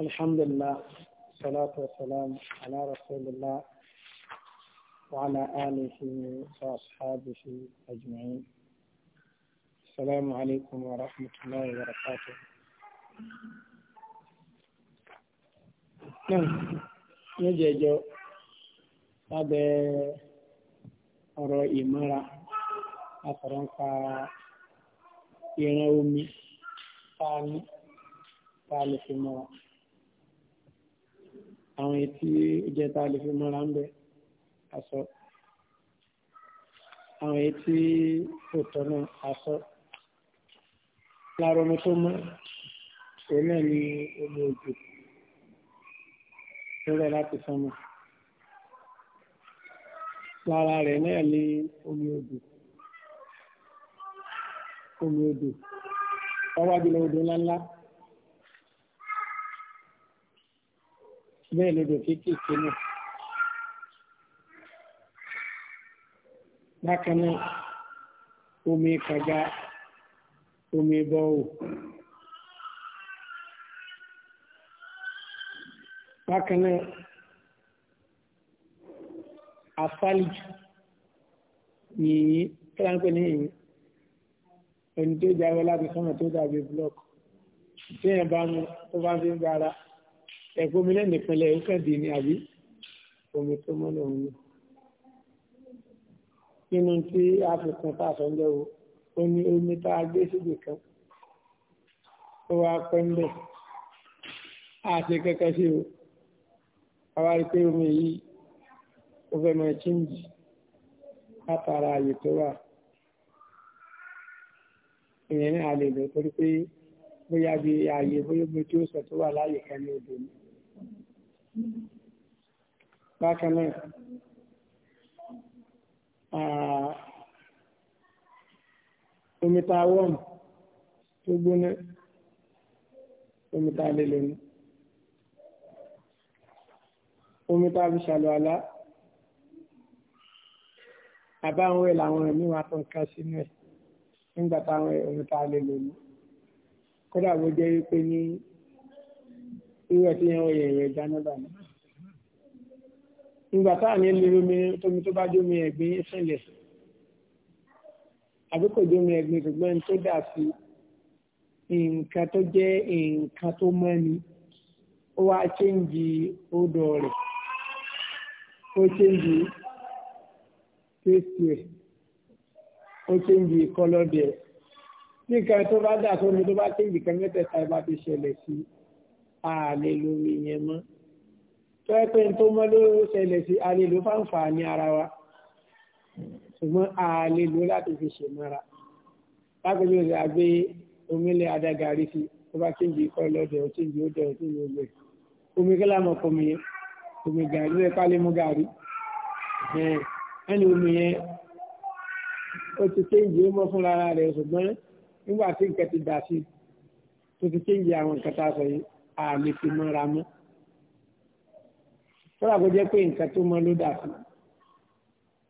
الحمد لله والصلاة والسلام على رسول الله وعلى آله وأصحابه أجمعين السلام عليكم ورحمة الله وبركاته نعم جو هذا أرى مرة أفرنقى ينومي ثاني tá a lè fi mọ́ra àwọn etí jẹ́ tá a lè fi mọ́ra ń bẹ aṣọ àwọn etí òtọ́ náà aṣọ lára omi tó mọ́ òun náà ni omi òjò tó rẹ̀ láti sánmọ̀ lára rẹ̀ náà ni omi odò omi odò ọwọ́ abilọ̀ odò ńláńlá. bẹ́ẹ̀ do fique kìkì náà. bákan náà omi kàga omi bọ́ọ̀. bákan náà afálìjù yìnyín kí ló ń pè ní yìnyín ẹni tó jáwé láti sọ́nà tó dàbí búlọ́ọ̀kù tí yẹn bá mú tó bá fi ń ẹ̀gbọ́mi lẹ́nu ìpínlẹ̀ ìkẹ́dì ni àbí omi tó mọ́ lòun ni. nínú tí a fi kan tá a sọ ńlẹ́ o ó ní omi tá a gbé síbi kan ó wá pẹ́ ńbẹ̀ a ṣe kẹ́kẹ́ sí o àwa rí pé omi yìí ó fẹ́ máa chíǹjì látara àyè tó wà ìyẹn ní a lè lò torí pé bóyá bí ààyè bóyá bí tí ó tó wà láyé kan ní odò ni bákan náà omi omita a wọ́n tó gbóná omi tá a lè a fi ṣàlọ́ àlá àbáwọn ẹ̀ làwọn ẹ̀mí wa tó ń ká sínú ẹ̀ nígbà táwọn omi tá a lè bó jẹ́ wípé ní nígbà tí yẹn wọ̀nyẹ̀ ìwẹ̀ jánábà ni. ìgbà táà ní lílo omi tómi tó bá jómi ẹ̀gbin sílẹ̀ àbí kò jómi ẹ̀gbin ṣùgbọ́n tó dà sí nǹkan tó jẹ́ nǹkan tó mọ́ni ó wá chéǹjì odò rẹ̀ ó chéǹjì tẹ́sí ẹ̀ ó chéǹjì kọ́lọ́dì ẹ̀. nǹkan tó bá dà sómi tó bá chéǹjì kan mẹ́tẹ̀ẹ̀ta ẹ̀ bá ti ṣẹlẹ̀ sí i ààlè lómi yẹn mọ́ tó ẹ pé tó mọ́ ló ṣẹlẹ̀ sí ààlè ló fáǹfààní ara wa ṣùgbọ́n ààlè ló láti fi ṣe mọ́ra lápẹjọ rẹ̀ àgbé omílẹ̀ adágarí sí tó bá kéjì kọ́ lọ́dẹ̀ òtíjì ó dẹ̀ òtíjì ó gbẹ̀ omi kí lámọ̀ kọmi yẹn omi gàrí rẹ̀ pálẹ̀ mú gàrí ẹni omi yẹn ó ti kéjì ó mọ́ fún ara rẹ̀ ṣùgbọ́n nígbà tí nǹkan ti dà sí tó ti kéjì àwọn nǹkan tá a sọ yìí àmì fi mọ́ra mọ́ kódà kó jẹ́ pé nǹkan tó mọ ló dà sí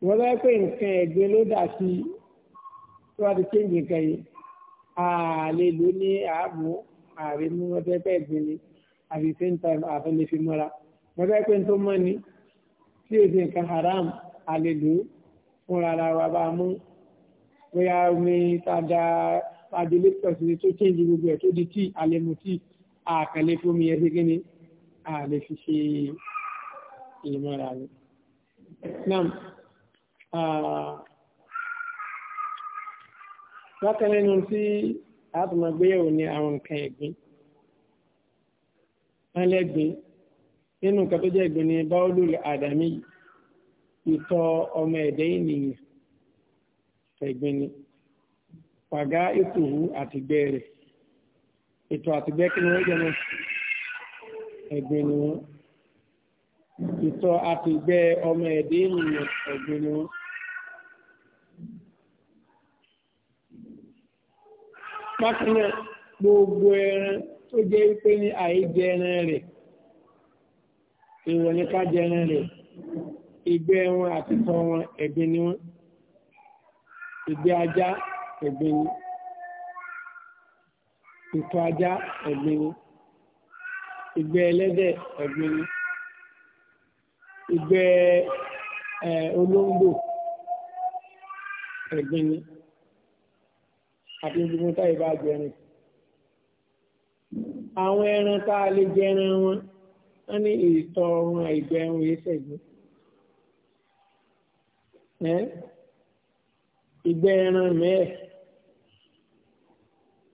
ìwọ́n bá yẹ pé nǹkan ẹ̀gbin ló dà sí tó bá ti kéǹjì nǹkan yìí ààlè ló ní ààbò ààrẹ mú wọ́n fẹ́ pẹ́ ẹ̀gbin ni àfi same time àfẹ́lẹ́ fi mọ́ra wọ́n bá yẹ pé tó mọ́ ni tí èsì nǹkan haram ààlè ló fúnra ara wa bá mú bóyá omi tàdá adilé pẹ̀sì tó kéǹjì gbogbo ẹ̀ tó di tíì àlẹ́ mu tíì àkànlé fún mi ẹsẹ̀ gíní àlè fi ṣe ìmọ̀ra rẹ̀. Nam bákan nínú tí àtùmọ̀gbéyẹ̀wò ni àwọn nǹkan ẹ̀gbin. Wọ́n lẹ́gbin nínú nǹkan tó jẹ́ ẹ̀gbin ni báwọ́lù àdàmì ìtọ̀ ọmọ ẹ̀dẹ́ ènìyàn ẹ̀gbin ni. Pàgá ètò àtìgbẹ́ rẹ̀ ètò àtìgbẹ́ kí ni wọ́n jẹ́ náà ẹ̀gbin ni wọ́n ìtọ̀ àtìgbẹ́ ọmọ ẹ̀dẹ́ ènìyàn ẹ̀gbin ni wọ́n. bákan náà gbogbo ẹran tó jẹ́ wípé ní àìjẹ ẹran rẹ̀ ìwọ̀n ní jẹ ẹran rẹ̀ ìgbẹ́ wọn àti wọn ẹ̀gbin ni wọ́n ìgbẹ́ ajá ẹ̀gbin ni wọ́n. ìtọ̀ ajá ẹ̀gbin ni ìgbẹ́ ẹlẹ́dẹ̀ ẹ̀gbin ìgbẹ́ olóńgbò ẹ̀gbin àti gbogbo táyì bá jẹrin àwọn ẹran tá a lè jẹran wọn wọn ní ìtọ̀ wọn ìgbẹ́ wọn yìí ṣẹ̀gbin ìgbẹ́ ẹran mẹ́ẹ̀.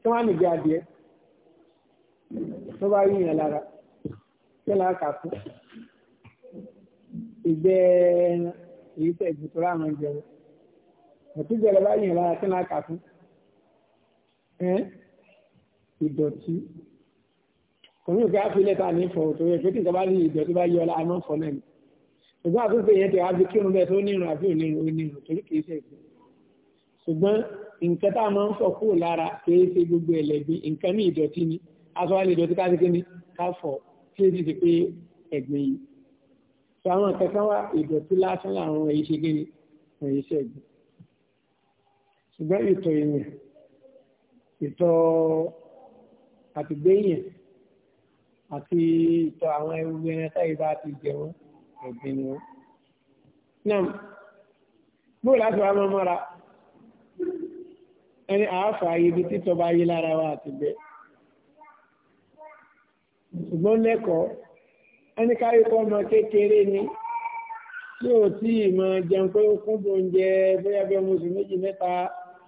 kí wọ́n á nìgbé adìẹ tó bá rí yàn lára kí lára kà fún ìgbẹ́ ẹran èyí tẹ̀ ju tó ráhùn jẹun ọ̀tí jẹrẹ bá yàn lára kí lára kà fún ìdọ̀tí òun ìgbà àfilẹ̀ ta ní fọ̀ tó yẹ pé tí ìjọba ní ìdọ̀tí bá yọ ọ́ láàánú fọ̀ náà ni ìgbà àtúnṣe yẹn tẹ̀ wá bí kírun bẹ́ẹ̀ tó nírun àbí onírun onírun torí kìí ṣe ìgbà ṣùgbọ́n nǹkan tá a máa ń fọ̀ kúrò lára kìí gbogbo ẹ̀lẹ́gbin nǹkan ní ìdọ̀tí ni aṣọ wa lè dọ̀tí ká ṣe ní ká fọ̀ tí ó sì ti pé ẹ̀gbin yìí. sọ àwọn nǹkan kan wá ìdọ̀tí lásán làwọn èyí ṣe gé ni wọ́n yìí ṣẹ̀gbin. ṣùgbọ́n ìtọ̀ èèyàn ìtọ̀ àtìgbéyàn àti ìtọ̀ àwọn ẹrù ẹran táyì bá ti mọ́ra ẹni àáfà ibi títọ́ bá yí lára wa àti bẹ́ẹ̀. ṣùgbọ́n lẹ́kọ̀ọ́ ẹni káyọ̀ ọmọ kékeré ni tí ò tí ì mọ jẹun pé ó kún bó ń jẹ bóyá bí ọmọ oṣù méjì mẹ́ta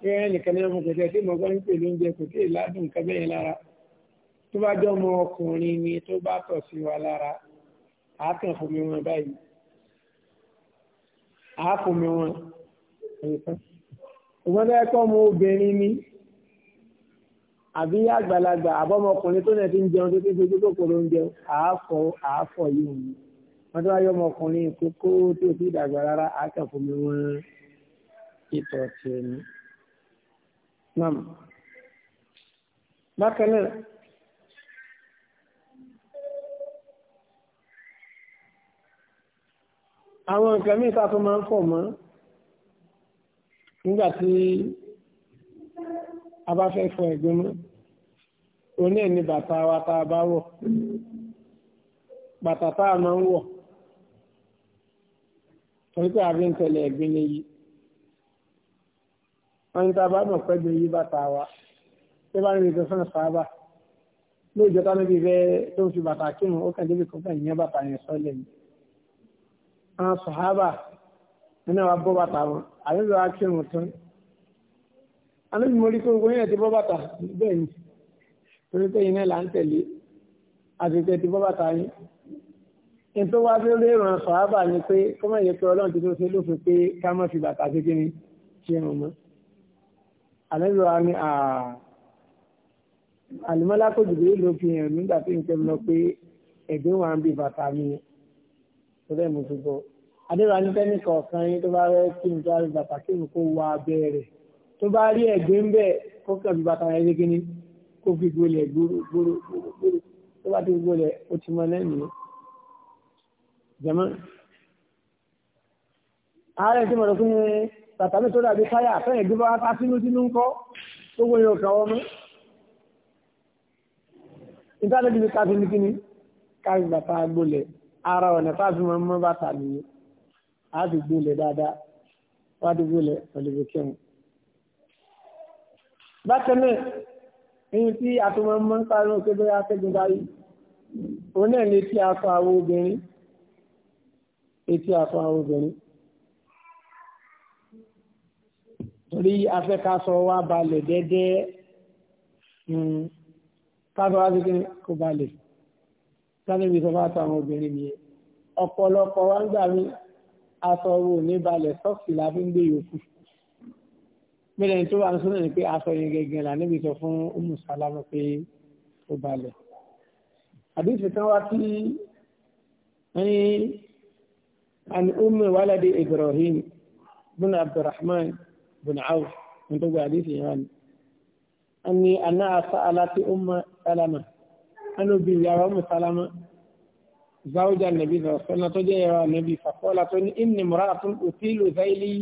rẹ́rẹ́ nìkan náà mo kò tẹ́ sí mo gbọ́ ń pè lóúnjẹ kò tí ì ládùn nǹkan bẹ́ẹ̀ lára tó bá jọ ọmọ ọkùnrin ni tó bá tọ̀ sí wa lára àákàn fún mi wọn báyìí àáfò mi wọn nǹkan ṣùgbọ́n tó yẹ kọ́ ọmọ obìnrin ni àbí àgbàlagbà àbọ̀mọkùnrin tó náà ti ń jẹun tó ti ń fojú kòkòrò ń jẹun àáfọ̀ àáfọ̀ yìí òun wọ́n tó wáyé ọmọkùnrin kókó tó ti dàgbà rárá àákàfọ́mi wọn ìtọ̀ tiẹ̀ ni. bákan náà àwọn nǹkan mìíràn tó máa ń fọ̀ mọ́ nígbà tí a bá fẹ́ fọ ẹ̀gbin mọ́ oní ẹ̀ bàtà wa tá a bá wọ̀ bàtà tá a máa ń wọ̀ torí pé àbí ń tẹ̀lé ẹ̀gbin ni yìí wọ́n ní tá a bá mọ̀ pẹ́ gbin yí bàtà wa tí bá níbi tó fẹ́ràn sábà lóòjọ́ tá níbi bẹ́ẹ̀ tó ń fi bàtà kírun ó kàn débi kọ́kàn ìyẹn bàtà yẹn sọ́lẹ̀ ni àwọn sàhábà nínú àwọn abọ́ bàtà wọn àlejò akérùn tán àlejò mo rí pé gbogbo yẹn ti bọ́ bàtà bẹ́ẹ̀ ni torí pé iná là ń tẹ̀lé àtẹ̀tẹ̀ ti bọ́ bàtà yín ní tó wá lórí ìran sọ̀hábà ni pé kọ́mọ̀ yẹ pé ọlọ́run ti tó ṣe lófin pé ká má fi bàtà ṣe kí ni ṣe ràn mọ́ àlejò wa ni àlùmọ́lá kò dìbò yìí ló fi hàn nígbà tí n kẹ́ mi pé ẹ̀gbẹ́ wa bi bàtà mi ni tó dẹ́ mo ti gbọ́ àdéhùn anítẹ́nì kọ̀ọ̀kan yín tó bá rẹ́ kí n tó rí bàtà kí n kó wọ abẹ́ rẹ̀ tó bá rí ẹ̀gbẹ́ ń bẹ̀ kó kàn fi bàtà rẹ̀ gíní kó fi gbolẹ̀ gbóró gbóró tó bá ti gbolẹ̀ ó ti mọ lẹ́nu yẹn. jẹ́mọ́ ààrẹ tí mo rò fún mi bàtà mi tó dàbí táyà àtẹ̀yìn gbé bá sínú sínú ń kọ́ tó wọ́n yóò kàwọ́ mọ́. ìtàlẹ́bí mi ká fi ní kíní bàtà gbolẹ̀ ara ọ̀nà àdúgbò lẹ̀ dáadáa wọ́n àdúgbò lẹ̀ ọ̀lẹ́bẹ̀ kẹwọn. bákan náà èyí tí àtúmọ̀ mọ́ ń parí òkè bóyá afẹ́gun báyìí òun náà lè ti àtọ̀ àwọn obìnrin etí àtọ̀ àwọn obìnrin. torí afẹ́kasọ wa balẹ̀ dẹ́dẹ́ hmm. káfọ́ wá sí kí balẹ̀ sáré ibi tó bá tọ obìnrin nìyẹn ọ̀pọ̀lọpọ̀ wá ń gbà mí aṣọ owó ní balẹ̀ sọ́ọ̀sì la fi ń gbé yòókù mílẹ̀ tó wà ń sọ́nà ni pé aṣọ yẹn gẹ́gẹ́ là níbi sọ fún Umu Salama pé ó balẹ̀ àdìsí kan wá sí ẹni àni Umu waladi Ibrahim bin Abdurrahman bin Awf ní tó gba àdìsí yẹn wá ní ẹni àná àṣà aláti Umu Salama ẹni obìnrin yàrá Umu Salama zawuja nabi sọlá tó jẹ́ ẹ̀rọ nabi fàkọ́lá tó ní inni mura àtún òtílù záìlì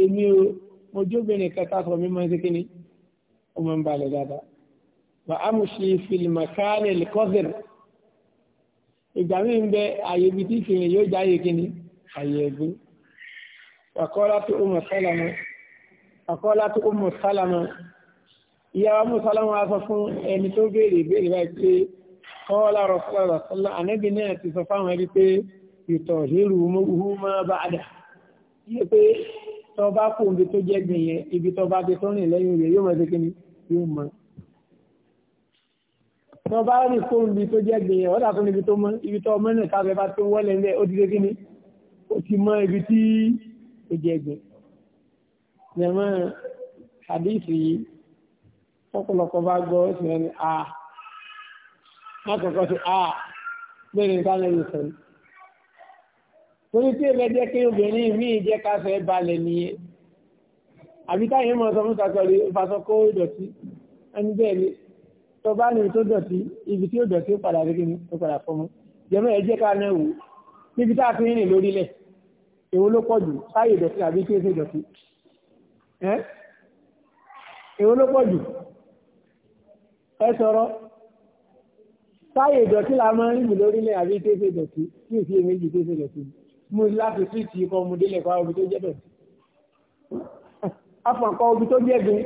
èmi o mo jóbìnrin kẹta sọ mi máa ń ṣe kíni ó máa ń balẹ̀ dáadáa wà á mú ṣe fìlìmà káàlẹ̀ lẹ́kọ́sìr ìgbà mi ń bẹ àyè ibi tí ìfìyàn yóò jáyè kíni àyè ẹ̀gbẹ́ fàkọ́lá tó ó mọ̀ sálàmù fàkọ́lá tó ó mọ̀ sálàmù ìyá wa mú sálàmù wa sọ fún ẹni tó béèrè ìbéèrè báyìí pé kọ́ọ́lá rọ̀sọ́lá ànábì náà ti sọ fáwọn ẹbí pé ìtọ̀ ìrù mọ́hú máa bá dà yí pé tọ́ bá kó ibi tó jẹ́ gbìn yẹn ibi tọ́ bá ti tó rìn lẹ́yìn rẹ̀ yóò máa ṣe yóò mọ́ tọ́ bá rìn kó ibi tó jẹ́ gbìn yẹn ọ̀dà tó níbi tó mọ́ ibi tọ́ mọ́ náà tábẹ́ bá tó wọ́lẹ̀ ńlẹ̀ ó ti ṣe mọ́kànkan sí a gbẹ̀rẹ̀ ìbánilẹ̀ sọ ah, ní. torí tí ẹgbẹ́ jẹ́ kí obìnrin míì jẹ́ káfẹ́ balẹ̀ nìyẹn àbí táyé mọ̀ sọ fún sàkọrí ìfàsọkó ìdọ̀tí ẹni bẹ́ẹ̀ ni tó bá ní tó dọ̀tí ibi tí ó dọ̀tí ó padà rí ó padà fọmọ jẹ́mọ́ ẹ jẹ́ ká náà wò níbi tá a fi ń rìn lórílẹ̀ èwo ló pọ̀ jù sáyè ìdọ̀tí àbí tí ó sì dọ̀tí èwo ló pọ̀ jù ẹ sọ̀rọ̀ sáyè ìdọ̀tí la máa ń rìn lórílẹ̀ àbí tẹ́sí ìdọ̀tí kí n fi èméjì tẹ́sí ìdọ̀tí mú láti sí ti ikọ̀ ọmọdé lẹ̀kọ́ àwọn ibi tó jẹ́ dọ̀tí. afọ̀nkọ́ ibi tó jẹ́ gbin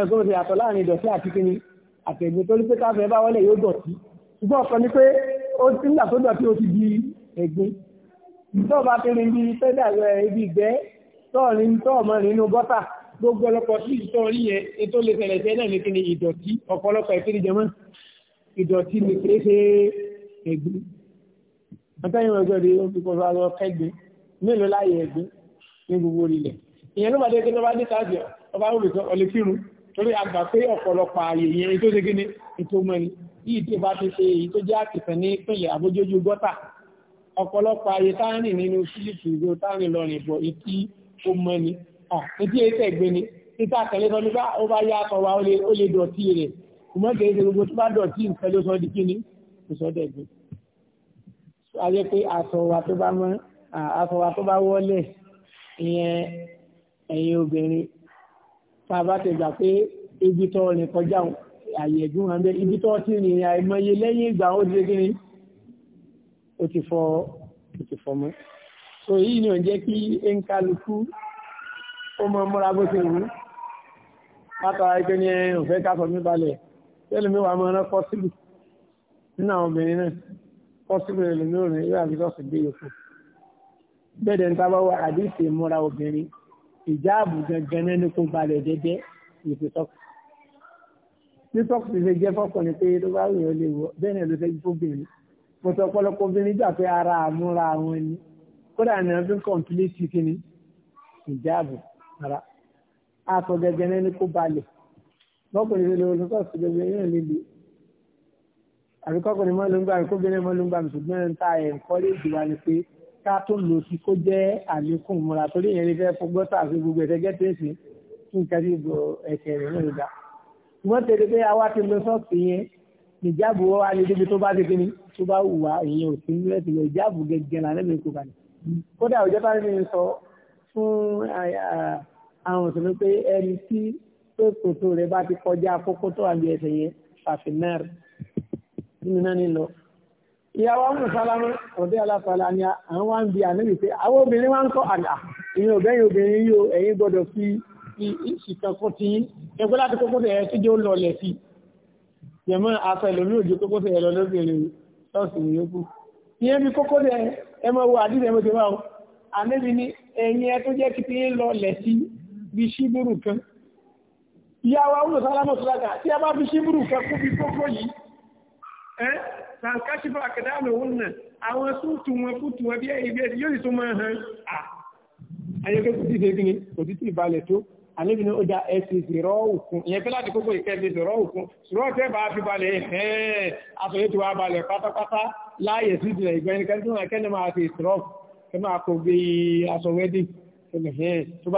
ẹ̀kọ́ ti yàtọ̀ láàrin ìdọ̀tí àti kíni àtẹ̀gbẹ́ torí pé káfẹ́ bá wọlé yóò dọ̀tí ṣùgbọ́n ọ̀kan ni pé ó ti ń gbà tó dọ̀tí ó ti di ẹ̀gbin tó bá ti rin bíi pẹ́dà ibi ìgbẹ́ tọ́ọ̀rin tọ́ọ̀mọ́ nínú bọ́tà gbogbo ọlọ́pọ̀ sí ìtọ́ọ̀rí yẹn ètò lè tẹ̀lẹ̀ tẹ́lẹ̀ ní kíni ìdọ̀tí ọ̀pọ̀lọpọ̀ ìpínlẹ̀ jẹmọ́ ìdọ̀tí ni kìí ṣe ẹ̀gbin àtẹ́yìn ọjọ́ ìdí ó fi kọ́ lọ lọ kẹ́gbin mélòó láàyè ẹ̀gbin ní gbogbo ilẹ̀ ìyẹn ló bá dé kí ló bá dé káàdì ọba olùkọ́ ọlẹ́kírun torí àgbà pé ọ̀pọ̀lọpọ̀ ààyè ìyẹn tó ṣe kí ni ètò mọ́ni yìí tí bá ti ṣe èyí tó jẹ́ àkìtàn ní ìpínlẹ̀ àbójójú gọ́tà ọ̀pọ̀lọpọ̀ ààyè táàrin nínú sílìpù ìgbò táàrin lọ́rin ìbọ̀ ìtí ó mọ́ni àti ètò ẹ̀gbẹ́ni títà tẹ̀lé sọ nígbà ó bá yá àtọwà ó lè dọ̀tí rẹ̀ kùmọ́ kìí ṣe gbogbo tó bá dọ̀tí nǹkan ló sọ di kíni kò sọ dẹ̀gbẹ́. a yẹ pé aṣọ wa tó bá mọ́ aṣọ wa tó bá wọlé ìyẹn ẹ̀yin obìnrin tá a bá ti gbà pé ibi tó rìn kọjá àyè ẹ̀gbọ́n wọn bẹ́ẹ̀ ibi tó ti rìn àìmọye lẹ́yìn ìgbà ó ti kíni ó ti fọ ó ti fọ mọ́. so yìí ni ò ń jẹ́ kí ẹnìkálukú ó mọ múra bó ti wù látara ẹgbẹ́ ni òfẹ́ ká sọ balẹ̀ tẹ́lẹ̀ mi wà máa rán pọ́sílù nínú àwọn obìnrin náà pọ́sílù rẹ̀ lómi òrùn yóò àbí lọ́sùn gbé yòókù bẹ́ẹ̀ ní tábà wà àdìsí ìmúra obìnrin ìjáàbù gangan náà ní kó balẹ̀ dẹ́dẹ́ ìpè tọ́kù ní tọ́kù ti ṣe jẹ́ fọ́kùnrin pé tó bá wùyàn lè wọ bẹ́ẹ̀ náà ló fẹ́ fóbìnrin mo sọ ọ̀pọ̀lọpọ̀ obìnrin gbà pé ara àmúra àwọn ni kódà ní ọdún kọ̀ǹpìlẹ́tì kí ni ìjáàbù ara aṣọ gangan náà ní kó balẹ̀ bọ́kùnrin ló lọ́wọ́ lọ́kọ̀ sí gbogbo ẹ̀yìn lébi àbí kọ́kùnrin mọ́ ló ń gbà mí kóbìnrin mọ́ ló ń gbà mí ṣùgbọ́n ń ta ẹ̀ ń kọ́ léèdì wa ni pé ká tó lò sí kó jẹ́ àlékún múra torí ìyẹn lè fẹ́ fọgbọ́n tà sí gbogbo ẹ̀sẹ̀ gẹ́tẹ́sì kí n kẹ́sì gbọ́ ẹ̀sẹ̀ rẹ̀ náà dá ṣùgbọ́n tẹ̀lé pé àwa ti lọ sọ́ọ̀tì yẹn ìjáàbù wa ni débi tó bá ti kíni tó bá wù wá ìyẹn ò sí nílẹ̀ tìlẹ̀ ìjáàbù gẹ́gẹ́ là lẹ́nu ikú kalẹ̀ kódà òjọ́ mi sọ fún àwọn òṣèlú pé ẹni tí tó kòtò rẹ̀ bá ti kọjá àkókò tó wà ní ẹsẹ̀ yẹn fàfinẹ́rì nínú náà nílọ. ìyàwó ọmọ sálámù ọdẹ aláfàlà ni àwọn wá ń bi ànábì pé àwọn obìnrin wá ń kọ́ àdá ìyẹn obìnrin obìnrin yìí o ẹ̀yin gbọ́dọ̀ fi ìṣìkankun ti yín ẹgbẹ́ láti kókó tẹ̀ ẹ́ tíjẹ́ ó lọlẹ̀ sí i. jẹ̀mọ́ aṣọ ìlòmí òjò kókó tẹ̀ ẹ́ lọ lóbìnrin ṣọ́ọ̀ṣì yòókù. ìyẹn bí kókó tẹ̀ ẹ mọ wo àdìsẹ́ mo ti wá o ànábì ni ẹ̀yin ẹ tó jẹ́ kí ti yín lọlẹ̀ sí bí ṣíbùrù ìyàwó àwọn olùsálámọ̀ sọ́lága tí a bá fi ṣíbùrù kẹkún bí kókó yìí ẹ́ sàǹkáṣífà àkàdáàmì òun náà àwọn súùtù wọn fúùtù wọn bí ẹ̀yìn bí ẹ̀sì yóò sì tún máa hàn á ayẹ́kẹ́ kò tí ṣe kí ni kò tí tí ìbalẹ̀ tó àníbi ní ọjà ẹ̀sì ìṣòro òkun ìyẹn pé láti kókó ìkẹ́ẹ̀sì ìṣòro òkun ṣòro ti fi ìṣòro tó bá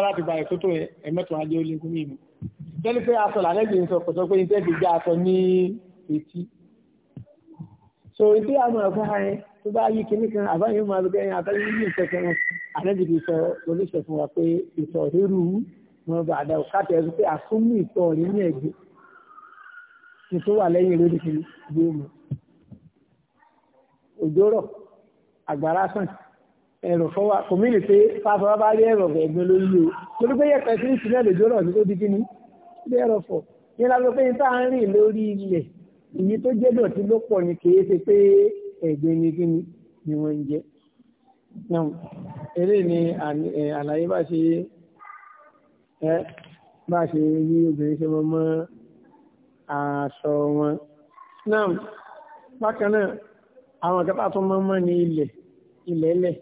láti balẹ̀ tó tó ẹ̀mẹ́tọ̀ ajé ó lé kú jẹ́lifẹ́ aṣọ làlẹ́gbẹ̀ẹ́ ń sọ kò sọ pé ní tẹ́ẹ̀dì gbé aṣọ ní etí so ìdí àwọn ọ̀gá rẹ̀ tó bá yí kíní kan àbáyé máa lọ bẹ́ẹ̀ àbáyé yí ìṣẹ̀kẹ́ wọn àlẹ́bí ti sọ oníṣẹ́ fún wa pé ìtọ̀ rírú wọn bá dá òkàtà ẹ̀rú pé àsúnmù ìtọ̀ rí ní ẹ̀gbẹ́ ní tó wà lẹ́yìn lórí kiri gbé mu òjòrò àgbàrá sàn ẹ̀rọ fọwọ́ ni pé fáfọwọ́ bá rí ẹ̀rọ ẹ̀gbẹ́ lórí o torí pé yẹ̀pẹ̀ sí ìsìnlẹ̀ lòjòrò tó di kíní thereof ní lábẹ́ pé tá à ń rìn lórí ilẹ̀ ìyí tó jẹ́ dọ̀tí ló pọ̀ ni kì í ṣe pé ẹ̀gbin ni kí ni wọ́n ń jẹ. eré ni àlàyé bá ṣe ẹ bá ṣe yí obìnrin ṣe mọ́ aṣọ wọn. náà bákan náà àwọn ìkẹta tó mọ́ mọ́ ní ilẹ̀ ilẹ̀ẹ́lẹ̀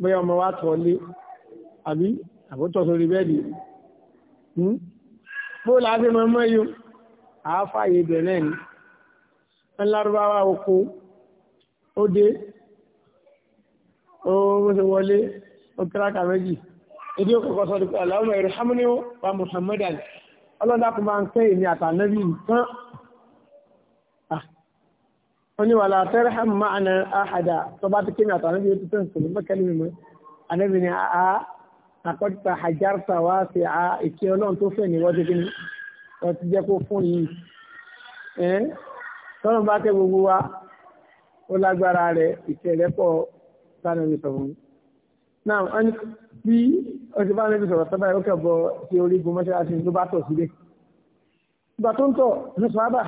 bóyá ọmọ wa tọ̀ lé àbí àbótọ́ sórí bẹ́ẹ̀dì Hmm? bó láti mọ mọ́ yóò àáfàyè ibẹ̀ náà ni wọ́n lárúbáwá oko ó dé ó ṣe wọlé ó kíráka méjì ìdí òkùnkọ̀ sọ dípẹ́ aláwọ̀ ẹ̀rọ hamani wa muhammad ali ọlọ́dà kò máa ń pẹ́ ìní àtànẹ́bí nǹkan wọ́n ah. ní tẹ́rẹ̀ hàn máa àhàdà tó ti kí mi àtànẹ́bí ó ti tẹ́ àkọ́júta hajarta wá sí a ìkí ọlọ́run tó fẹ́ ní wọ́n ti fi ní wọ́n ti jẹ́ kó fún yìí ẹ́ tọ́lọ́run bá tẹ gbogbo wa ó lágbára rẹ̀ ìtẹ̀lẹ́pọ̀ sanabi sọ̀rọ̀ náà wọ́n bí ọtí bá níbi sọ̀rọ̀ sábà ó kẹ́ bọ sí orígun mọ́ṣáláṣí ló bá tọ̀ sílé ìgbà tó ń tọ̀ ní sọ́ábà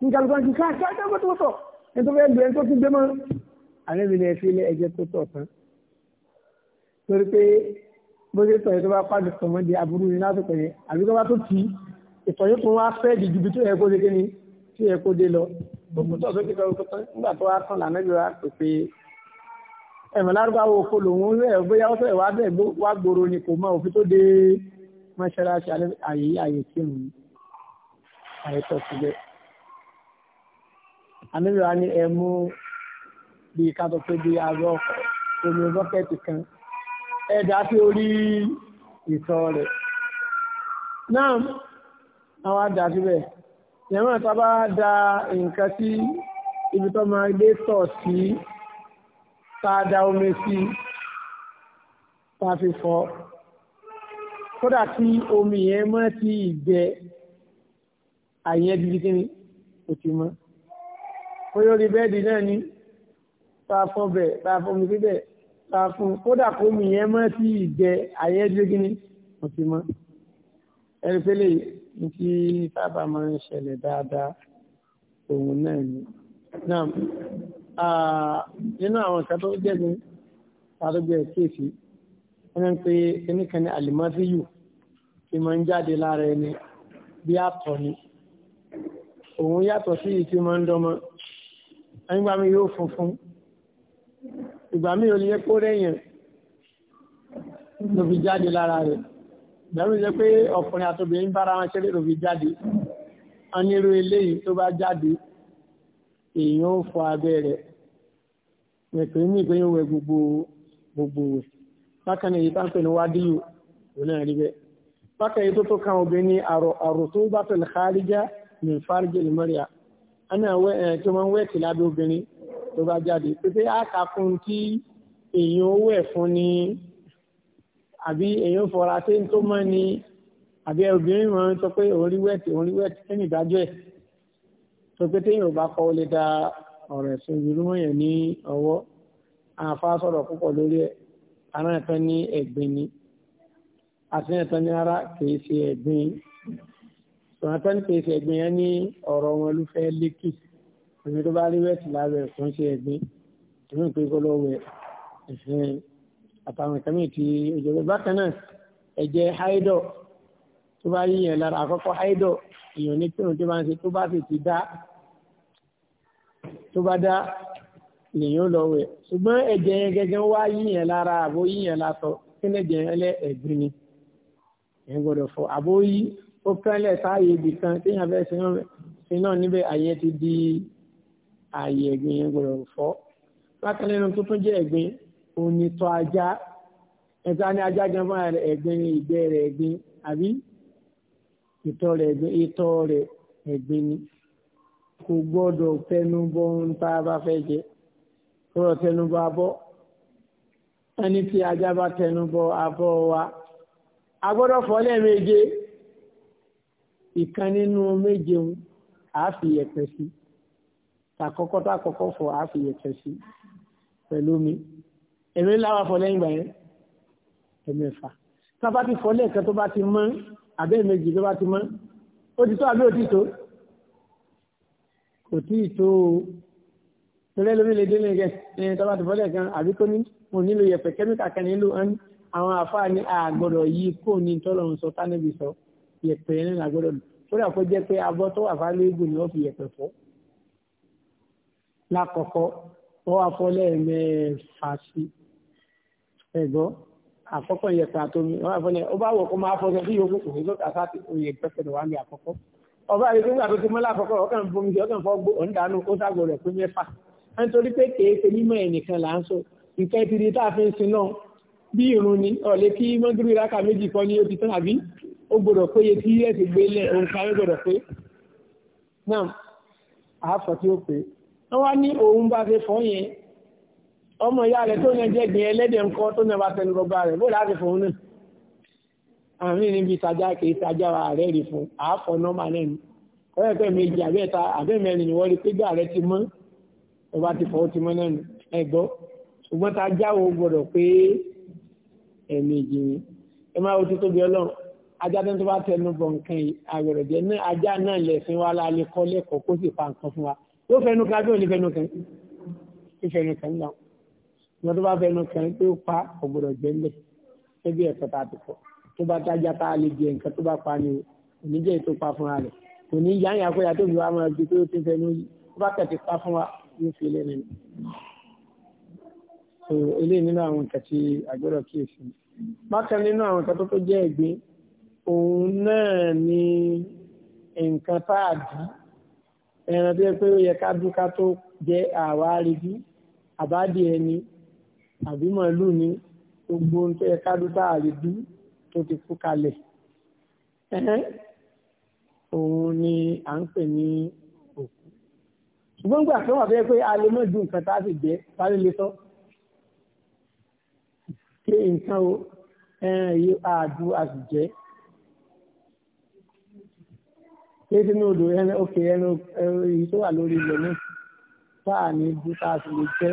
ní kálukọ́ ní káàkiri ẹgbẹ́ tó tọ̀ ẹni tó fẹ́ lu ẹni tó ti gbé mọ́ torí pé bó ṣe tọ̀yẹ̀ tó bá pàdé tọ̀mọ́dé aburú ni lásìkò yẹn àbí tó bá tó tì í ìtọ̀yẹ̀ tó wá fẹ́ di jubi tó yẹ kó dé kí ni tó yẹ kó dé lọ gbogbo tó sókè tó kọ́tọ́ nígbà tó wá tán lànà ìjọba pè pé ẹ̀mọ̀ lárúbáwò kó lòun rẹ̀ bóyá ó fẹ́ wá bẹ̀ wá gbòòrò ni kò mọ òfin tó dé mọ́ṣáláṣí àyè àyè tí mò ń àyè tọ̀ síbẹ̀. àníbìrà ni ẹ mú bíi ká tó pé bíi arọ ẹ̀dá sí orí ìtọ̀ rẹ̀ náà àwọn àdá síbẹ̀ ìyẹ̀mọ̀ tá bá da nǹkan sí ibi tó máa gbé tọ̀ sí tá da omi sí tá fi fọ kódà tí omi yẹn mọ́ ti ìgbẹ́ àyẹ́ bíbí kí ni kò ti mọ́ ó yọrí bẹ́ẹ̀dì náà ní tá a fọ́ bẹ̀ tá a fọ́ mi síbẹ̀ ta fún kódà kó mi yẹn mọ́ tí ìjẹ ayẹ́dúró gíní mo ti mọ́ ẹni pé lè ní tí sábà máa ń ṣẹlẹ̀ dáadáa òun náà ni náà nínú àwọn nǹkan tó jẹ́bi àrùgbẹ́ kéèsì wọ́n ń pe kíníkan ní alimọ́síyù tí máa ń jáde lára ẹni bí àtọ̀ ni òun yàtọ̀ sí ìtì máa ń dọ́mọ́ ẹni gbàmí yóò funfun ìgbà míì ò ní yẹ kó rẹ̀yìn ló fi jáde lára rẹ̀ ìgbà míì jẹ́ pé ọkùnrin àtòbìnrin bára wọn ṣeré ló fi jáde wọn ní irú eléyìí tó bá jáde èèyàn ó fọ abẹ́ rẹ̀ ẹ̀pẹ́ ní ìpín ìwẹ̀ gbogbo gbogbo wẹ̀ bákan ní èyí tá ń pè ní wádìí òun náà rí bẹ́ẹ̀ bákan èyí tó tó kan obìnrin àrò tó bá tẹ̀lé kárìjá ní fárìjẹ́ ìmọ̀ríà ẹni tó máa ń wẹ̀tì lábẹ́ obìnrin tó bá jáde pé àkàkùn tí èèyàn owó ẹ̀ fún ni àbí èèyàn fọra tí ń tó mọ́ ni àbí obìnrin mọ̀ ń sọ pé òun rí wẹ́ẹ̀tì òun rí wẹ́ẹ̀tì kí ni ìdájọ́ ẹ̀ tó pé téèyàn bá kọ́ ó lè da ọ̀rọ̀ ẹ̀sìn ìrúmọ̀ yẹn ní ọwọ́ àfa sọ̀rọ̀ púpọ̀ lórí ẹ̀ ara ẹ̀tàn ní ẹ̀gbin ni àti ẹ̀tàn ní ara kìí ṣe ẹ̀gbin ṣùgbọ́n ẹ̀tàn kìí ṣe ẹ̀gbin yẹn ní ọ̀rọ̀ wọn ló fẹ́ lékìtì omi tó bá rí wẹ́ẹ̀tì lábẹ́ tó ń ṣe ẹ̀gbin ìlú ìpín kó lọ́wọ́ ẹ̀sìn àtàwọn ìkan mìíràn tí ìjọba bákan náà ẹ̀jẹ̀ háídọ̀ tó bá yí yẹn lára àkọ́kọ́ háídọ̀ èèyàn ní kírun tó bá ń ṣe tó bá sì dá tó bá dá lèyìn lọ́wọ́ ẹ̀ ṣùgbọ́n ẹ̀jẹ̀ yẹn gẹ́gẹ́ wá yí yẹn lára àbó yí yẹn látọ̀ kí ni ẹ̀jẹ̀ yẹn lẹ́ ẹ̀gbin ni ẹ̀ ń gbọ́dọ̀ fọ àbó yí ó kẹ́lẹ̀ táàyè ibì kan téèyàn fẹ́ ṣe náà níbẹ̀ àyẹ̀ ti di ààyè ẹ̀gbin yẹn gbọ́dọ̀ fọ́ bákan nínú tó tún jẹ́ ẹ̀gbin onítọ̀ ajá ẹ̀ka ni ajá gan fún ẹ̀gbin ìgbẹ́ rẹ̀ ẹ̀gbin àbí ìtọ̀ rẹ̀ ẹ̀gbin ni kò gbọ́dọ̀ ohun tá a bá fẹ́ jẹ gbọ́dọ̀ tẹnubọ abọ́ ẹni tí tẹnubọ abọ́ wa a gbọ́dọ̀ fọ̀ ìkan nínú méje a fi yẹ̀pẹ̀ sí àkọ́kọ́ tá àkọ́kọ́ fọ àfìyẹ̀tẹ̀ sí pẹ̀lú omi ẹ̀mí láwà fọ lẹ́yìn ìgbà yẹn ẹ̀mí ẹ̀fà tá a bá ti fọ lẹ́ẹ̀kan tó bá ti mọ́ àbẹ́ méjì tó bá ti mọ́ ó ti tó àbí ó ti tó kò tí ì tó tẹ́lẹ̀ lómi lè délé gẹ̀ ẹ̀yìn tó bá ti fọ lẹ́ẹ̀kan àbí tó ní mo nílò yẹ̀pẹ̀ kẹ́míkà kan nílò àwọn àfáà ní àgbọ̀dọ̀ yìí kò ní tọ́lọ́run sọ tánẹ́bì sọ yẹ̀pẹ̀ yẹn ní àgbọ̀dọ̀ tó dà pé abọ́ tó wà fálẹ́ ìgbò ni wọ́n fi yẹ̀pẹ̀ fọ́ lákọ̀ọ́kọ́ wọ́n wá fọ́ lẹ́ẹ̀mẹ́fà sí ẹ̀gbọ́n àkọ́kọ́ yẹ pé àtọ́mi wọ́n àfọ́ni ọba àwọn ọkọ̀ máa fọ́sẹ̀ sí yòókù kòkè lọ́kà sáti oyè pẹ́pẹ́ wà ní àkọ́kọ́ ọba àti nígbà tó ti mọ́lá àkọ́kọ́ ọkàn bomi jẹ́ ọkàn fọ́ ọ̀ndàánú ó ságo rẹ̀ pé mẹ́fà nítorí pé kèé ṣe mímọ́ ẹnìkan là ń sọ nǹkan ti tá a fi wọ́n wá ní òun bá fi fọ́ yẹn ọmọ ìyá rẹ̀ tó yẹn jẹ́ gbìn ẹlẹ́dẹ̀ ńkọ́ tó yẹn bá tẹnu rọba rẹ̀ bó láti fún un náà àmì níbi ìtajà kì í tajà wa rẹ̀ rí fún àáfọ̀ nọ́mà náà ni ọ̀rẹ́ pẹ̀ méjì àbẹ́ta àbẹ́mẹ́rin ni wọ́n rí pé gbà rẹ̀ ti mọ́ ọba ti fọ́ ti mọ́ náà ẹ̀gbọ́ ṣùgbọ́n ta jáwọ́ gbọ́dọ̀ pé ẹ̀ẹ̀mejì ni ẹ máa wo títóbi ọlọ́run ajá tó ń tó bá tẹnu bọ̀ nǹkan àgbẹ̀rẹ̀jẹ̀ náà ajá náà lẹ̀sìn wa la lè kó sì pa nǹkan fún wa tó fẹnu kan tó ní fẹnu kan ní fẹnu kan náà wọn tó bá fẹnu kan tó pa ọ̀gbọ́dọ̀ jẹ ẹbí ẹ̀kọ́ tá a ti fọ tó bá tájà tá a lè jẹ nǹkan tó bá pa ni oníjẹ tó pa fúnra rẹ̀ kò ní yá yàn kóyà tó fi wá máa ju tó ti fẹnu yìí tó bá tẹ̀ ti pa fún wa ní fi lẹ́nu so eléyìí nínú àwọn nǹkan tí àgbẹ̀rọ̀ kíyèsí bákan nínú àwọn nǹkan tó jẹ́ ẹ̀gbin òun náà ni nǹkan tá a dì ẹran tó yẹ pé ó yẹ ká dún ká tó jẹ àwa arìbí àbádìí ẹni àbí màálù ni gbogbo ohun tó yẹ ká dún tá àrìbí tó ti kú kalẹ̀ òun ni à ń pè ní òkú ṣùgbọ́n gbà tó wà fẹ́ pé a lè mọ̀ ju nǹkan tá a sì jẹ́ sáré lè tọ́ pé nǹkan o ẹran yìí àdú a sì jẹ́ létí ní odò ẹran òkè ẹran èyí tó wà lórí ilẹ̀ náà táà ní ibi táà sì lè jẹ́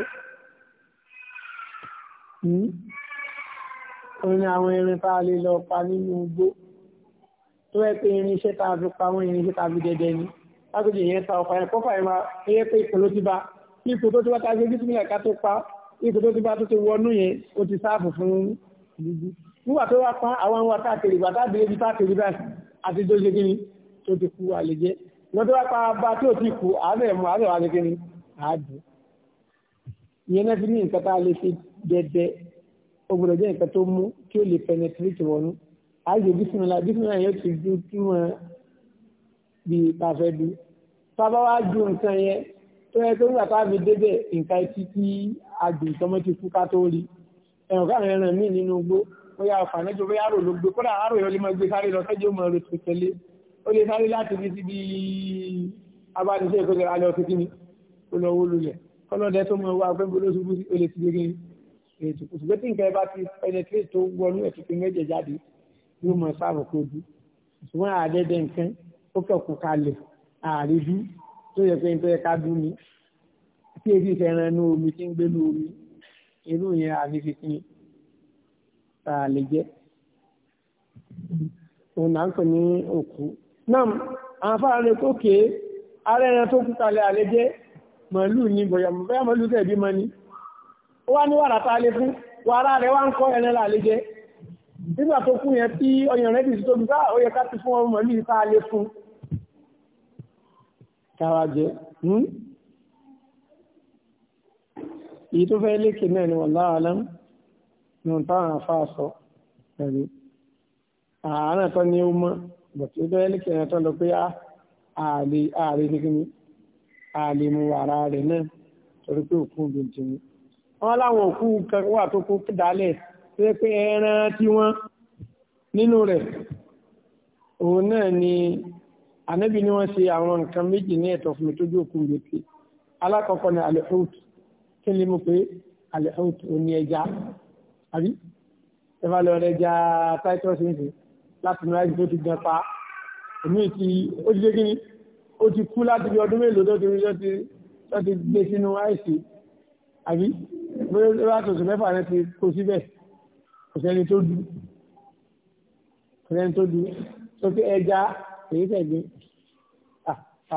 orin hmm? àwọn irin táà lè lọ pa nínú igbó tó yẹ pé irinṣẹ́ táà fi pa àwọn irinṣẹ́ táà fi dẹdẹ ni lágbèjì ìyẹn ta ọ̀pá yẹn kọ́fà yẹn máa yẹ pé ipò ló ti bá ipò tó ti bá ta ṣe bísímìlà ká tó pa ipò tó ti bá tó ti wọnú yẹn ó ti sáàbù fún nígbà tó wá pa àwọn àwọn àtàkèrè ìgbà tábìlì ibi táàkèrè báyìí àti tó kí ni tó ti kú alẹ́ jẹ́ lọ́dọ̀ wá pa bá tó ti kú àárẹ̀ mu àárẹ̀ wá ní kíni àádùn ìyẹn náà fi ní nǹkan tá a lè fi dẹdẹ ó gbọ́dọ̀ jẹ́ nǹkan tó mú tí ó lè penetrate wọnú àìsè bísímìlà bísímìlà yóò ti dún tí wọ́n bí pàfẹ́ du sábà wá ju nǹkan yẹn tó yẹ tó ń gbà tá a fi débẹ̀ nǹkan etí tí àgbìn tọmọ ti kú ká tó rí ẹ̀rọ káàrin ẹran míì ó lè sáré láti bí síbi abániṣẹ́ ìkọ́jọ́ alẹ́ ọ̀sẹ̀ kínní ó lọ wó lulẹ̀ kọ́lọ́dẹ tó mọ owó agbẹ́bọ̀ ló ṣubú sí ó lè ti gbé kínní ètò ṣùgbọ́n tí nǹkan ẹ bá ti penetrate tó wọnú ẹ̀ tuntun méje jáde yóò mọ sáàbù kó dú ṣùgbọ́n àdẹ́dẹ́ nǹkan ó kẹ̀kọ́ kalẹ̀ àrídú tó yẹ pé nítorí ká dún ni tí èsì ìfẹ́ràn inú omi tí ń gbé lu omi irú yẹn àfihàn kí ta òun náà ń pè ní òkú Nam, àǹfààní tó ké ara ẹran tó kú kalẹ̀ alẹ́ jẹ́ màálù ní bóyá màálù tẹ̀ bí mọ́ni ó wá ní wàrà tá a lé fún wàrà rẹ̀ wá ń kọ́ ẹran lálẹ́ jẹ́ nígbà tó kú yẹn tí ọyàn rẹ̀ bìí tóbi bá ó yẹ ká ti fún ọmọ màálù yìí tá a lé fún kára jẹ èyí tó fẹ́ lékè náà ni wọ́n láàlá ní ọ̀tá àwọn afáàsọ ẹ̀rí àárẹ̀ tó ní ó mọ́ bọ̀tí ó ní kẹrin tó lọ pé ààrẹ ààrẹ ààrẹ mu ara rẹ̀ náà torí pé òkú bìntì ni wọ́n láwọn òkú kan wà tó kú dálẹ̀ tó yẹ pé ẹran tí wọ́n nínú rẹ̀ òun náà ni ànábì ni wọ́n ṣe àwọn nǹkan méjì ní ẹ̀tọ́ fún mi tó jókòó gbèsè alákọ̀ọ́kọ́ ni alẹ́hùt kí ni mo pè é alẹ́hùt òun ẹja àbí ẹ bá lọ rẹ ja titus nìyí láti inú ẹgbẹ́ tó ti gan pa èmi ti ó ti dégíní ó ti kú láti bí ọdún mélòó tó ti rí tó ti gbé sínú àìsí àbí bóyá láti oṣù mẹ́fà rẹ ti kó síbẹ̀ kò sẹ́ni tó du kò sẹ́ni tó du tó fi ẹja kìí sẹ́gbẹ́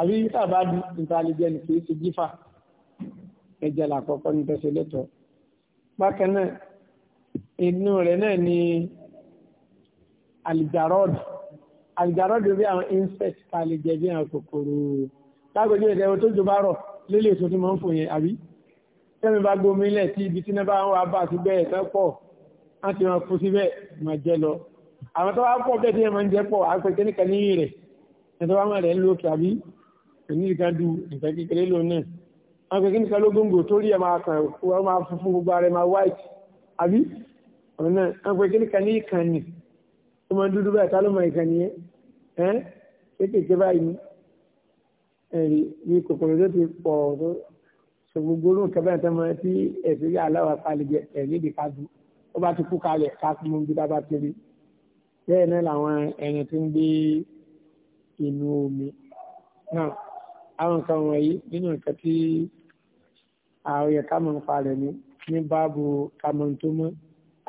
àbí sábà du nípa alẹ́jẹ́ ni kìí ṣe jífà ẹja làkọ́kọ́ ní tẹ̀sẹ̀ lẹ́tọ̀ọ́ bákan náà inú rẹ̀ náà ni alìjàrọ́ọ̀dù alìjàrọ́ọ̀dù bí àwọn insect ta lè jẹ bí àwọn kòkòrò lágbèjì ẹ̀dẹ̀ tó jù bá rọ̀ lélè tó ti máa ń fò yẹn àbí tẹ́mi bá gbomi lẹ̀ tí ibi tí náà wà bá ti bẹ́ẹ̀ tẹ́ pọ̀ wọ́n ti máa kú síbẹ̀ máa jẹ lọ àwọn tó wá pọ̀ bẹ́ẹ̀ tí ẹ máa ń jẹ pọ̀ àpẹ kẹ́nìkan ní rẹ̀ ẹ̀ tó wá máa rẹ̀ ń lókè àbí oníkan du nǹkan kékeré lòun náà wọ́n pe kíníkan lógóńgò tó rí ẹ̀ máa kàn wọ́n máa funfun gbogbo ara máa white àbí ọ̀nà wọ́n pe kíníkan ní ìkànnì ó máa ń dúdú báyìí tálọ́ máa ìkànnì yẹn ẹ́ kéékèèké báyìí ni ẹ̀rí ni kòkòrò tó ti pọ̀ tó sọ gbogbo olóhùn kẹfẹ́ tó máa ti ẹ̀sìn yà aláwọ̀ palẹ̀ jẹ ẹ̀rí ìdí ká du ó bá ti kú kalẹ̀ ká mú bí ká bá tẹ̀lé bẹ́ẹ̀ náà làwọn ẹ̀rìn tó ń gbé inú omi náà àwọn nǹkan wọ̀nyí nínú nǹkan tí ààrẹ kámọ̀ ń parẹ̀ ní ní báàbù kámọ̀ tó mọ́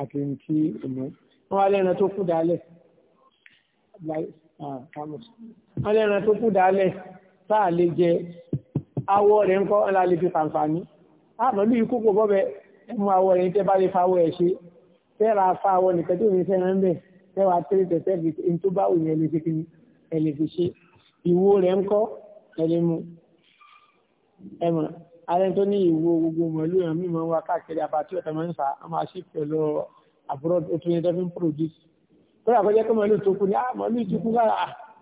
àti ní tí ìmọ̀ wọn wá lẹ́nu tó kú dálẹ̀ wọ́n lẹ́ran tó kú dálẹ̀ táà lè jẹ awọ rẹ̀ ń kọ́ ọ́nà lè fi fàǹfààní àbọ̀lú ikú kò bọ́bẹ̀ ẹmú awọ rẹ̀ tẹ́ bá lè fawọ ẹ̀ ṣe tẹ́ra fa awọ nìkan tó ní sẹ́ran ń bẹ̀ tẹ́wàá tẹ́lẹ̀ tẹ́tẹ́ fi ń tó bá òyìn ẹlẹ́fi kí ẹlẹ́ fi ṣe ìwo rẹ̀ ń kọ́ ẹlẹ́ mu ẹmọ̀ alẹ́ tó ní ìwo gbogbo mọ̀lú ẹ̀mí mọ̀ wá káàkiri àbátí ọ̀tẹ̀ mọ́ ń fà á máa ṣì kọ́ra kọjá kọ́ màálù tó kú ní ah, màálù tó kú lára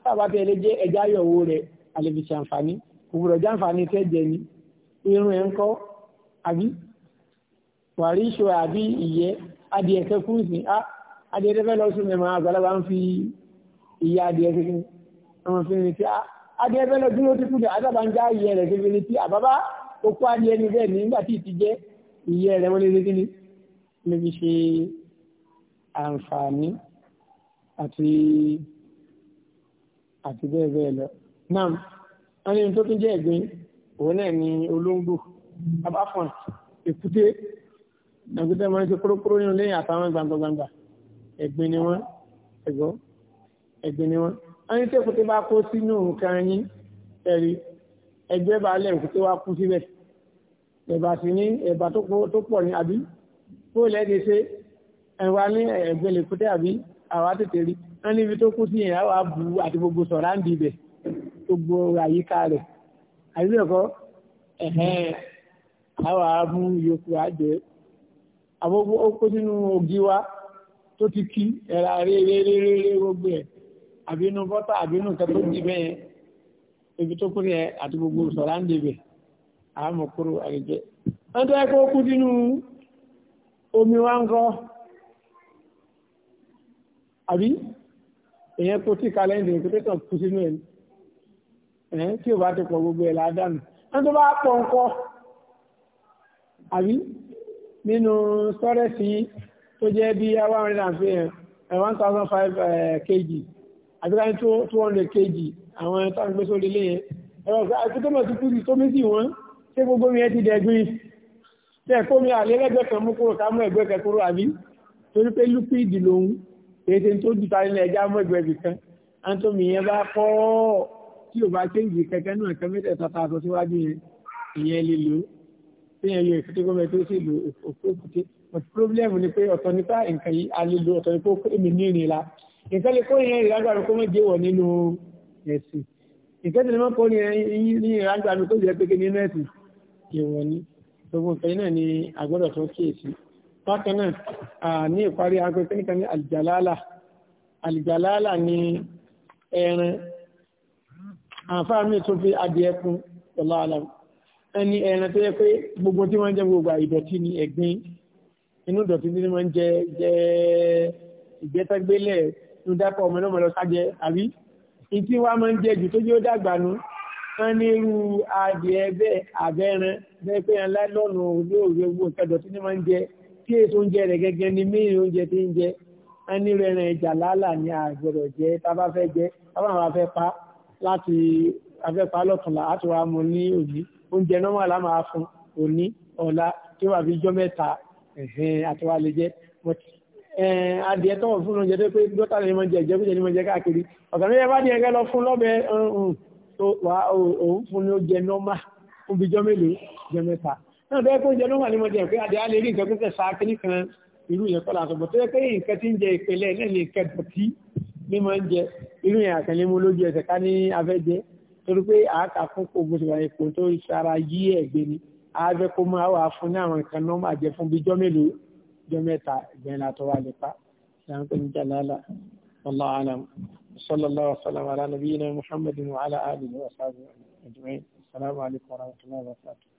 sábà ah, tẹ́ lé jẹ́ ẹja ayọ̀ owó rẹ̀ àlèbí ṣàǹfààní òwúrọ̀ jàǹfààní tẹ́ jẹ ni irun ẹ̀ ń kọ́ àbí wàrí ìṣó àbí ìyẹ́ adìẹ tẹ́ kú sí á ah, adìẹ tẹ́ fẹ́ lọ sún mẹ́mọ́ àgbàlagbà ń fi ìyá ìyẹ́ rẹ̀ kékeré tí ni bẹ́ẹ̀ nígbà tí ì ti jẹ́ ìyẹ́ rẹ̀ wọlé fi àti àti bẹ́ẹ̀ bẹ́ẹ̀ lọ. Náà wọ́n ní tó tún jẹ́ ẹ̀gbin òun náà ni olóńgbò abáfọ̀n èkúté ẹ̀kúté máa ń ṣe kúrókúró nínú lẹ́yìn àtàwọn gbangbangbangba ẹ̀gbin ni wọ́n ẹ̀gọ́ ẹ̀gbin ni wọ́n. wọ́n ní tí èkúté bá kó sínú nǹkan yín ẹ̀rí ẹgbẹ́ bá lẹ̀ èkúté wá kú síbẹ̀ ẹ̀bà sì ní ẹ̀bà tó pọ̀ ní àbí bóòlù ẹ̀ àwa tètè rí wọ́n níbi tó kú sí yẹn àwa bu àti gbogbo sọ̀rọ̀ à ń di ibẹ̀ gbogbo àyíká rẹ̀ àyíká ẹ̀kọ́ ẹ̀hẹ́n àwa mú yòókù àjẹ́ àbókù ó kó sínú ògì wa tó ti kí ẹ̀rà réréréré gbogbo ẹ̀ àbínú bọ́tà àbínú kẹtó àbí èyàn kó tí kálẹ́ndì kó tẹ́tàn kú sínú ẹ̀ ẹ̀ tí ò bá ti pọ̀ gbogbo ẹ̀ ládàánù wọ́n tó bá pọ̀ ńkọ́ àbí nínú sọ́rẹ́sì tó jẹ́ bí one hundred and fifty eh, one thousand five eh, kg àbí ká ní two hundred kg àwọn táwọn gbé sórí ilé yẹn ẹ̀rọ àtúntòmọ̀ tó kúrì tó méjì wọ́n ṣé gbogbo mi yẹn ti dẹ̀gbìn tẹ̀ kó mi àlélẹ́gbẹ̀ẹ́ kan mú kúrò ká mú ẹ̀gbẹ́ kẹkúrò àbí torí pé lúpìdì lòun kéde tó dùtà nílẹ̀ ẹja mọ́gbẹ̀bì kan antomi yẹn bá kọ́ tí ò bá kéjì kẹ̀kẹ́ náà kẹ́ mẹ́tẹ̀ẹ̀ta ta sọ síwájú yẹn ìyẹn lè lò ó téèyàn yọ èkúté gómìnà tó sì lò òkúté but problem ni pé ọ̀tọ̀ nípa nǹkan yìí a lè lo ọ̀tọ̀ nípa èmi ní ìrìnlá nǹkan lè kó ìyẹn ìrìnlágbà mi kó mọ̀ jẹ́wọ̀ nínú ẹ̀sìn nǹkan tó lè mọ̀ kó ìyẹn ìrìnlágbà kó jẹ́ pé kí nínú ẹ̀sìn jẹ́wọ̀ ní gbogbo nǹkan yìí náà ni àgbọ́dọ̀ tó kíyèsí bákan náà ní ìparí aago kíníkan ní alìjàlálà alìjàlálà ní ẹran àǹfààní mi tún fi adìẹ kún pẹ̀lú alam ẹni ẹran tó yẹ pé gbogbo tí wọ́n jẹ gbogbo ìdọ̀tí ni ẹ̀gbin inú ìdọ̀tí tí wọ́n jẹ jẹ ìgbẹ́tẹ́gbélẹ̀ inú dápọ̀ ọmọ náà mọ̀ lọ sájẹ àbí ìtí wa máa ń jẹ jù tó yóò dàgbà nu wọ́n ní irú adìẹ bẹ́ẹ̀ abẹ́rẹ́ bẹ́ẹ̀ pé ẹ̀ lọ́nà olóòwe owó ìkẹ́dọ̀tí ni máa jẹ tí èso oúnjẹ rẹ̀ gẹ́gẹ́ ni méèrè oúnjẹ tí ń jẹ a nílò ẹran ẹja lálà ní àgbọ̀dọ̀ jẹ tábà fẹ́ jẹ tábà wà fẹ́ pa láti afẹ́ pa lọ́kànlá àti wàá mú ní òní oúnjẹ nọ́mà la máa fún òní ọ̀la tí wàá fi jọ mẹ́ta àti wàá lè jẹ eh, adìẹ tọwọ fún oúnjẹ tó pé dọ́tà lè mọ jẹ ìjẹkújẹ ní mọ jẹ káàkiri ọ̀gá mi yẹ bá díẹ̀ lọ fún lọ́bẹ̀ òun fún ní oúnjẹ nọ́mà fún bíjọ́ mélòó jẹ mẹ́ta náà bẹ́ẹ̀ kó ń jẹ ló wà ní mọ́jẹ̀ pé àdé alẹ́ rí nǹkan tó tẹ̀ sáà kí nìkan irú yẹn kọ́ làtọ̀ tó yẹ pé nǹkan tí ń jẹ ìpìlẹ̀ náà ní nǹkan ń jẹ irú yẹn àtẹ̀lé lójú ẹsẹ̀ ká ní afẹ́jẹ́ torí pé àáka fún kògbó ti wà ipò tó sara yí ẹ̀gbẹ́ ni àáfẹ́ kó máa wà fún ní àwọn nǹkan náà máa jẹ fún bí jọ́ mélòó jọ́ mẹ́ta ìgbẹ́ látọ̀ wà lè pa ìyàn pé ní jalala wallahu sallallahu sallam ala nabiyina muhammadin wa ala alihi wa sahbihi ajma'in assalamu alaikum